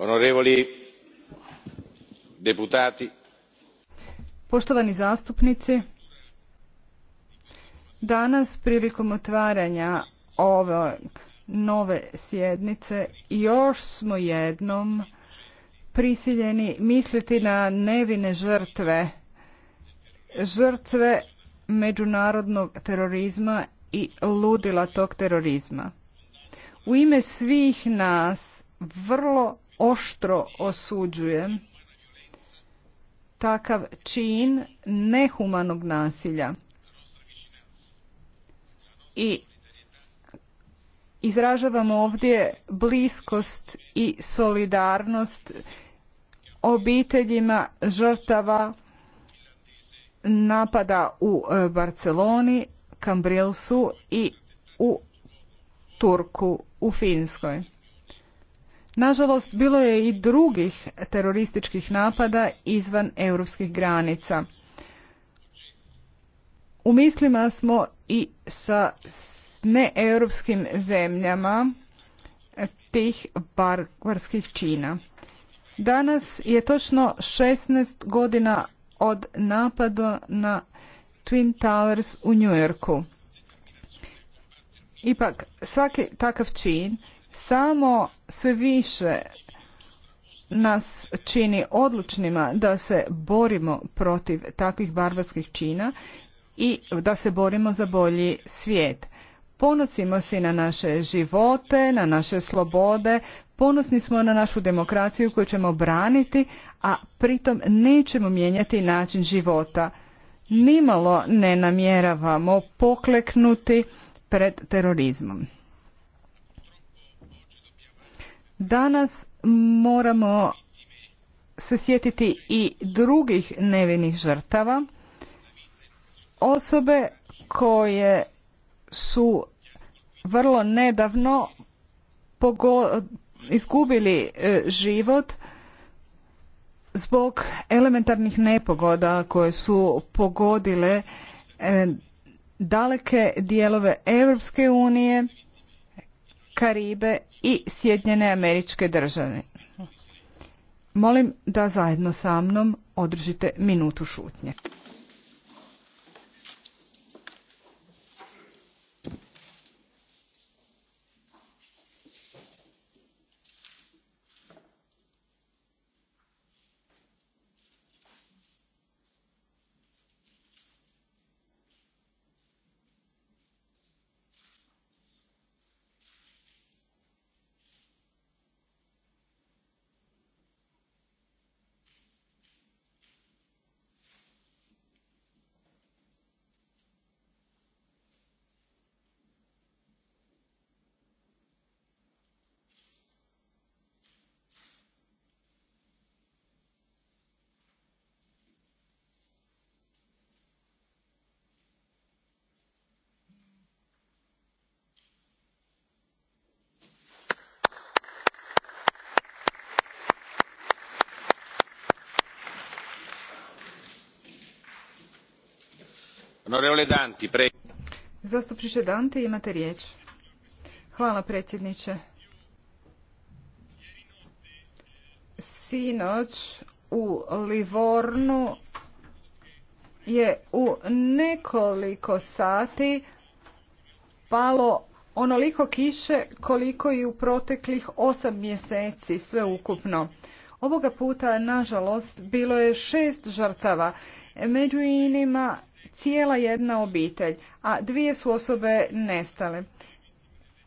onorevoli deputati poštovani zastupnici danas prilikom otvaranja ove nove sjednice još smo jednom prisiljeni misliti na nevine žrtve žrtve međunarodnog terorizma i ludila tog terorizma u ime svih nas vrlo oštro osuđujem takav čin nehumanog nasilja i izražavam ovdje bliskost i solidarnost obiteljima žrtava napada u e, Barceloni, Kambrilsu i u Turku u Finskoj. Nažalost, bilo je i drugih terorističkih napada izvan europskih granica. U mislima smo i sa neeuropskim zemljama eh, tih barbarskih čina. Danas je točno 16 godina od napada na Twin Towers u Yorku. Ipak, svaki takav čin samo sve više nas čini odlučnima da se borimo protiv takvih barbarskih čina i da se borimo za bolji svijet. Ponosimo se na naše živote, na naše slobode, ponosni smo na našu demokraciju koju ćemo braniti, a pritom nećemo mijenjati način života. Nimalo ne namjeravamo pokleknuti pred terorizmom. Danas moramo se sjetiti i drugih nevinih žrtava, osobe koje su vrlo nedavno izgubili e, život zbog elementarnih nepogoda koje su pogodile e, daleke dijelove Europske unije Karibe i Sjedinjene američke države. Molim da zajedno sa mnom održite minutu šutnje. Dante, imate riječ. Hvala predsjedniče. Sinoć u Livornu je u nekoliko sati palo onoliko kiše koliko i u proteklih osam mjeseci sveukupno. Ovoga puta, nažalost, bilo je šest žrtava, među inima cijela jedna obitelj, a dvije su osobe nestale.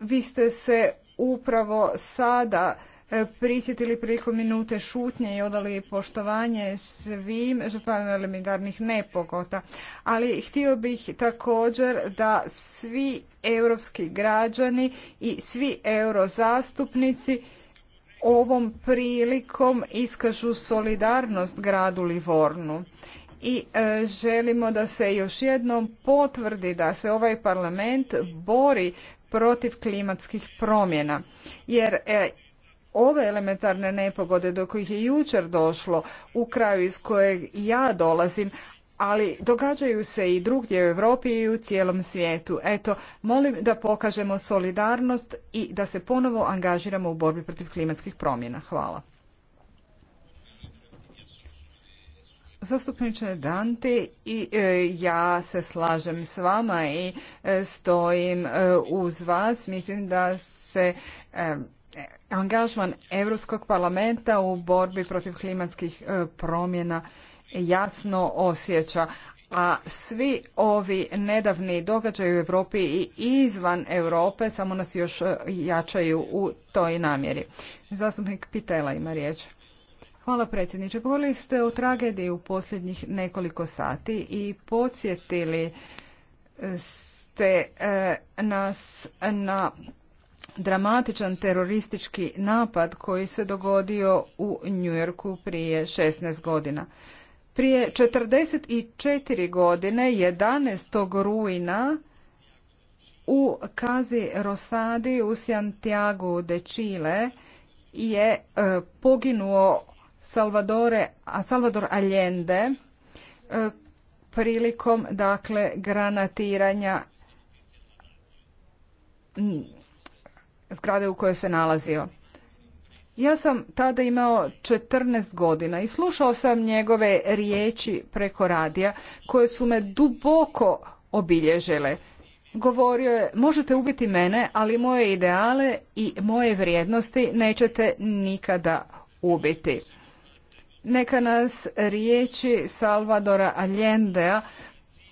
Vi ste se upravo sada e, prisjetili priliku minute šutnje i odali poštovanje svim žrtvama elementarnih nepogota Ali htio bih također da svi europski građani i svi eurozastupnici ovom prilikom iskažu solidarnost gradu Livornu i e, želimo da se još jednom potvrdi da se ovaj parlament bori protiv klimatskih promjena. Jer e, ove elementarne nepogode do kojih je jučer došlo u kraju iz kojeg ja dolazim, ali događaju se i drugdje u Europi i u cijelom svijetu. Eto, molim da pokažemo solidarnost i da se ponovo angažiramo u borbi protiv klimatskih promjena. Hvala. Zastupniče Danti, i, e, ja se slažem s vama i e, stojim e, uz vas. Mislim da se angažman Europskog parlamenta u borbi protiv klimatskih promjena jasno osjeća. A svi ovi nedavni događaji u Europi i izvan Europe samo nas još jačaju u toj namjeri. Zastupnik Pitela ima riječ. Hvala predsjedniče. Govorili ste o tragediji u posljednjih nekoliko sati i podsjetili ste e, nas na dramatičan teroristički napad koji se dogodio u Njujorku prije 16 godina. Prije 44 godine, 11. rujna, u Kazi Rosadi u Santiago de Chile je e, poginuo Salvadore, a Salvador Allende e, prilikom dakle granatiranja zgrade u kojoj se nalazio. Ja sam tada imao 14 godina i slušao sam njegove riječi preko radija koje su me duboko obilježile. Govorio je, možete ubiti mene, ali moje ideale i moje vrijednosti nećete nikada ubiti neka nas riječi Salvadora Allendea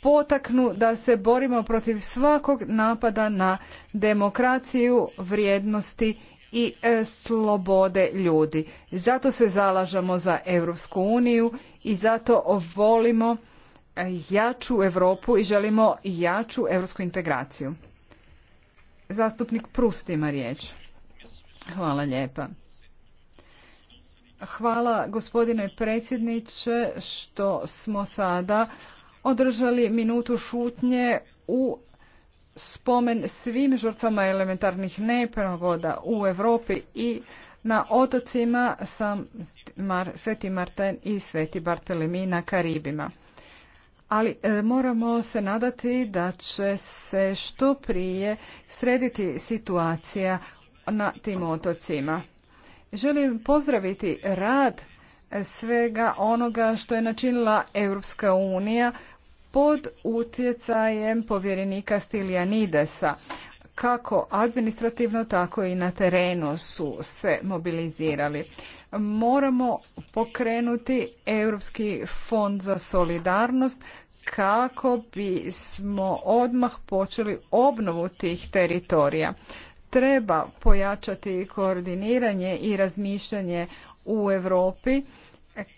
potaknu da se borimo protiv svakog napada na demokraciju, vrijednosti i e, slobode ljudi. Zato se zalažemo za Europsku uniju i zato volimo e, jaču Europu i želimo jaču europsku integraciju. Zastupnik Prust ima riječ. Hvala lijepa. Hvala gospodine predsjedniče što smo sada održali minutu šutnje u spomen svim žrtvama elementarnih nepravoda u Europi i na otocima sam Sveti Marten i Sveti Bartelemi na Karibima. Ali e, moramo se nadati da će se što prije srediti situacija na tim otocima. Želim pozdraviti rad svega onoga što je načinila Europska unija pod utjecajem povjerenika Stiljanidesa. Kako administrativno, tako i na terenu su se mobilizirali. Moramo pokrenuti Europski fond za solidarnost kako bismo odmah počeli obnovu tih teritorija treba pojačati koordiniranje i razmišljanje u Europi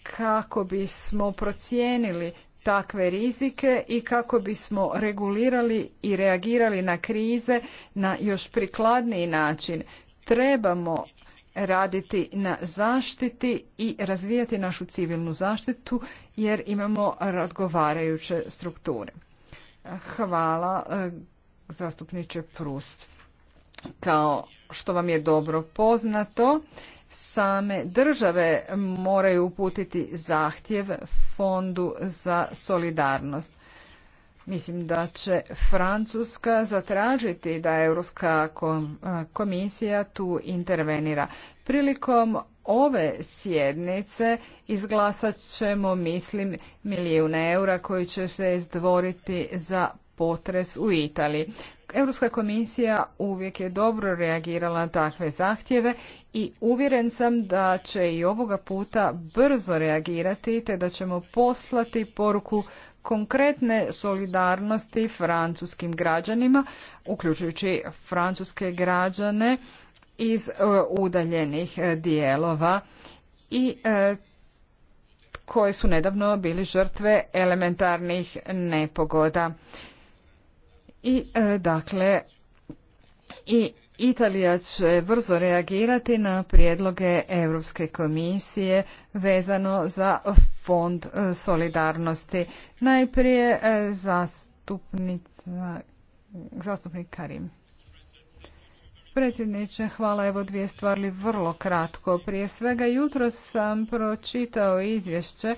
kako bismo procijenili takve rizike i kako bismo regulirali i reagirali na krize na još prikladniji način. Trebamo raditi na zaštiti i razvijati našu civilnu zaštitu jer imamo odgovarajuće strukture. Hvala zastupniče Prust. Kao što vam je dobro poznato, same države moraju uputiti zahtjev Fondu za solidarnost. Mislim da će Francuska zatražiti da Europska komisija tu intervenira. Prilikom ove sjednice izglasat ćemo, mislim, milijune eura koji će se izdvoriti za potres u Italiji. Europska komisija uvijek je dobro reagirala na takve zahtjeve i uvjeren sam da će i ovoga puta brzo reagirati te da ćemo poslati poruku konkretne solidarnosti francuskim građanima, uključujući francuske građane iz e, udaljenih e, dijelova i e, koje su nedavno bili žrtve elementarnih nepogoda. I e, dakle, i Italija će brzo reagirati na prijedloge Europske komisije vezano za fond e, solidarnosti. Najprije e, zastupnica, zastupnik Karim. Predsjedniče, hvala. Evo dvije stvari vrlo kratko. Prije svega jutro sam pročitao izvješće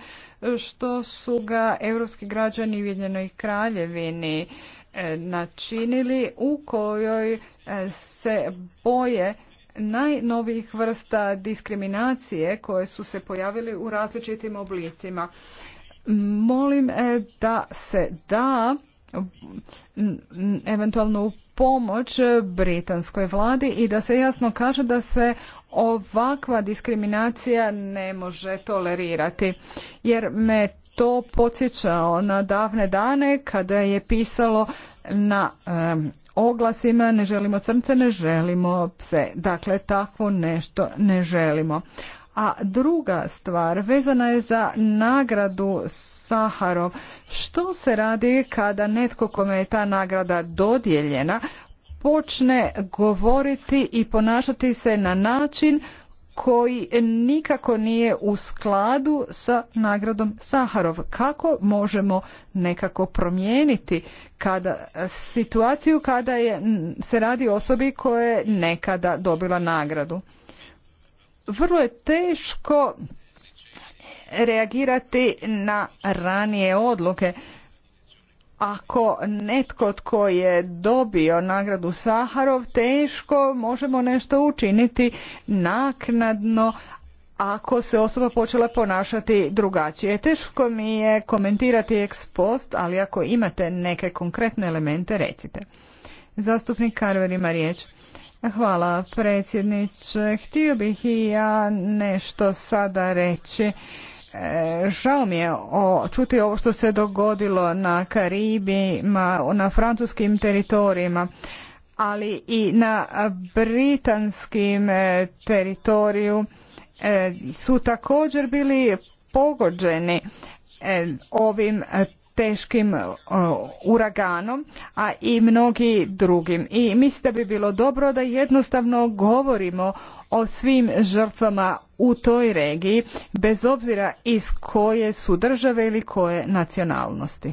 što su ga europski građani u Ujedinjenoj Kraljevini E, načinili u kojoj e, se boje najnovijih vrsta diskriminacije koje su se pojavili u različitim oblicima. Molim e, da se da eventualnu pomoć britanskoj vladi i da se jasno kaže da se ovakva diskriminacija ne može tolerirati. Jer me to podsjećao na davne dane kada je pisalo na oglasima ne želimo crnce, ne želimo pse. Dakle, takvo nešto ne želimo. A druga stvar vezana je za nagradu Saharov. Što se radi kada netko kome je ta nagrada dodijeljena počne govoriti i ponašati se na način koji nikako nije u skladu sa nagradom Saharov. Kako možemo nekako promijeniti kada, situaciju kada je, se radi o osobi koja je nekada dobila nagradu? Vrlo je teško reagirati na ranije odluke ako netko tko je dobio nagradu Saharov teško možemo nešto učiniti naknadno ako se osoba počela ponašati drugačije. Teško mi je komentirati ex post, ali ako imate neke konkretne elemente recite. Zastupnik Karver ima riječ. Hvala predsjedniče. Htio bih i ja nešto sada reći. E, žao mi je čuti ovo što se dogodilo na Karibima, na francuskim teritorijima, ali i na britanskim e, teritoriju e, su također bili pogođeni ovim teškim uraganom, a i mnogi drugim. I mislim da bi bilo dobro da jednostavno govorimo o svim žrtvama u toj regiji bez obzira iz koje su države ili koje nacionalnosti.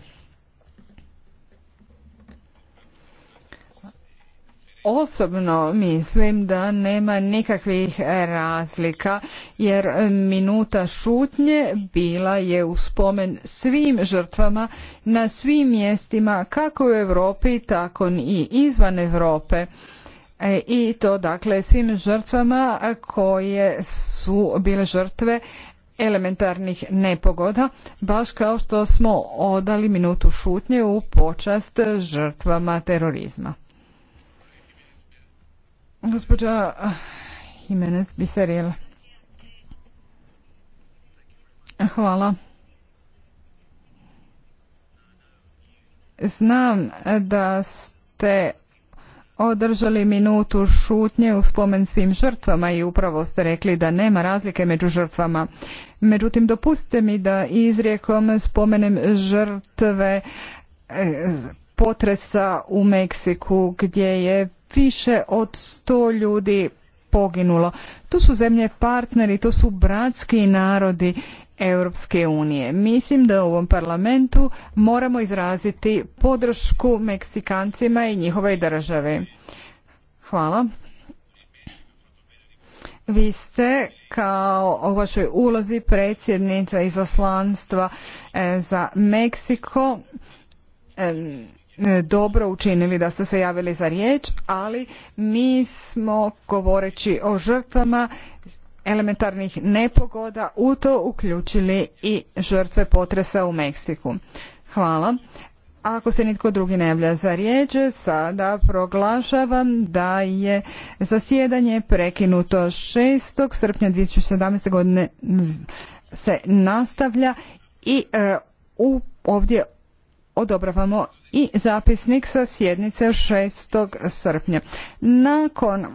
Osobno mislim da nema nikakvih razlika jer minuta šutnje bila je u spomen svim žrtvama na svim mjestima kako u Europi tako i izvan Europe E, i to dakle svim žrtvama koje su bile žrtve elementarnih nepogoda, baš kao što smo odali minutu šutnje u počast žrtvama terorizma. Gospođa eh, Jimenez Biseril. Hvala. Znam da ste održali minutu šutnje u spomen svim žrtvama i upravo ste rekli da nema razlike među žrtvama. Međutim, dopustite mi da izrijekom spomenem žrtve e, potresa u Meksiku gdje je više od sto ljudi poginulo. To su zemlje partneri, to su bratski narodi Europske unije. Mislim da u ovom parlamentu moramo izraziti podršku Meksikancima i njihovoj državi. Hvala. Vi ste kao u vašoj ulozi predsjednica izaslanstva e, za Meksiko e, dobro učinili da ste se javili za riječ, ali mi smo govoreći o žrtvama elementarnih nepogoda u to uključili i žrtve potresa u Meksiku. Hvala. Ako se nitko drugi ne javlja za riječ, sada proglašavam da je zasjedanje prekinuto 6. srpnja 2017. godine se nastavlja i e, u, ovdje odobravamo i zapisnik sa sjednice 6. srpnja. Nakon